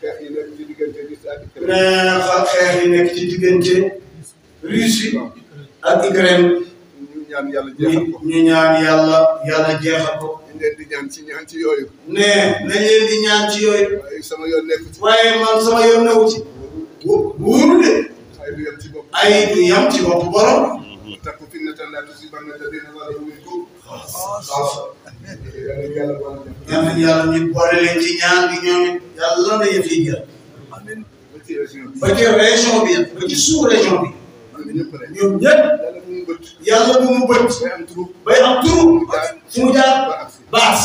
xeex yi nekk ci diggante Russie ak Ukraine. xeex yi nekk ci diggante Russie ak Ukraine. ñu ñaan yàlla jeexal ko ñu ñaan yàlla ko. ñu leen di ñaan ci ñaan ci yooyu. ne nañ leen di ñaan ci yooyu. waaye sama yoon nekk ci. waaye man de. ay du yam ci bopp ay ñaan nañu yàlla ñu boole leen ci ñaan gi ñoom it yàlla na yëf yi jël ba ci région bi ba ci sous région bi ñoom ñëpp yàlla bu mu bët bay am turu fu mu jaar baax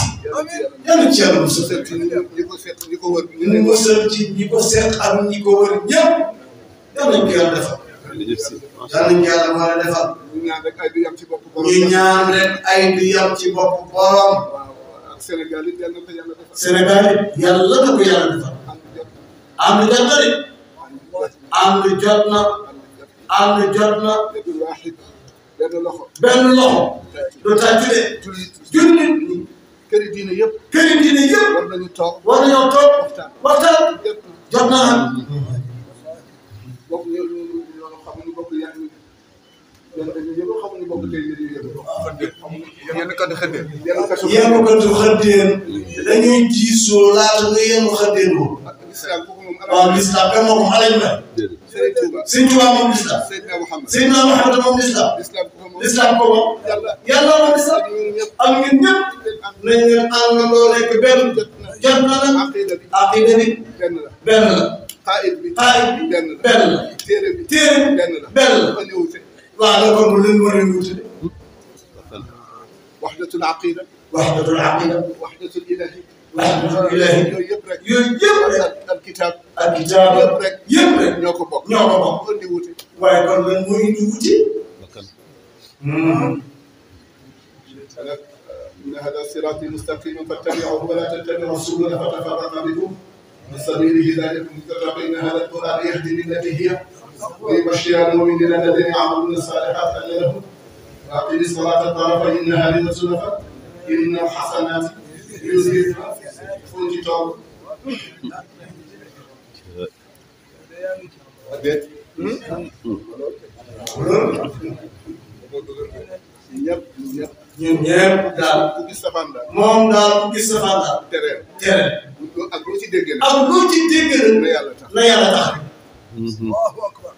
yàlla ci yàlla musal musal ci ñi ko seet ak ñi ko wër ñëpp yàlla ñu yàlla defal yàlla ñu yàlla war a defal ñu ñaan rek ay du yam ci bopp borom Sénégal it yàlla na ko yàlla defal. Sénégal it yàlla na ko yàlla defal. am na jot na de. am na jot na. am na jot na. benn loxo. benn loxo. doo taa jëlee. jullit. këri diine yëpp. këri diine yëpp. war nañu toog war nañoo toog. waxtaan jot naa am. bokk ñoom ñoo xam ne bokk yaa ngi. Ah, yenn katu xëddeen. yenn katu xëddeen dañuy jiisoo laata nga yenn xëddeen ko. Ah, waaw lislaam kan moo ko xale na. sëñ Tuubaa moom lislaam. Seydina Muhammad moom lislaam. lislaam ko moom. yàlla moom lislaam. ak ñun ñëpp nañ leen àndandoo nekk benn jot na la aqida bi benn la. xaayit bi benn la. téere bi benn la. waaw loolu kon lu leen war a wutale. waxdatul aqida. waxdatul aqida. waxdatul ilahi. waxdatul ilahi. yooyu yëpp rek. yooyu yëpp rek. ak kitaab. ak kitaab yëpp rek. yëpp rek ñoo ko bokk. ñoo ko bokk loolu di wute. waaye kon lan moo indi wute. إن هذا صراطي مستقيم فاتبعوه ولا تتبعوا السبل فتفرق بكم من سبيله ذلكم تتقين هذا القرآن يهدي للتي هي وبشر المؤمنين الذين يعملون الصالحات ان لهم واقم الصلاه طرفي النهار وزلفا ان الحسنات يزهدن فنجي توب ñëpp ñëpp ñun daal ku gis safaan moom daal ku gis safaan tereen tereen ak loo ci dégg ak loo ci allahu akbar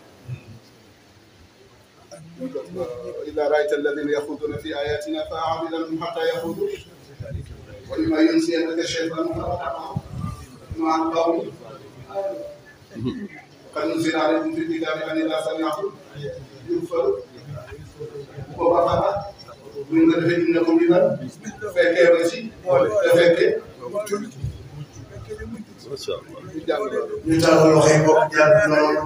إلا رأيت الذين يخوضون في آياتنا فأعرض لهم حتى يخوضوا وإما ينسينك الشيطان مع القوم قد نزل عليكم في الكتاب أن إذا سمعتم يغفر وبقرة من ذلك إنكم إذا فكرتي وفكرت ñu jàng loolu. ñu jàng loolu xëy bokk jàng loolu.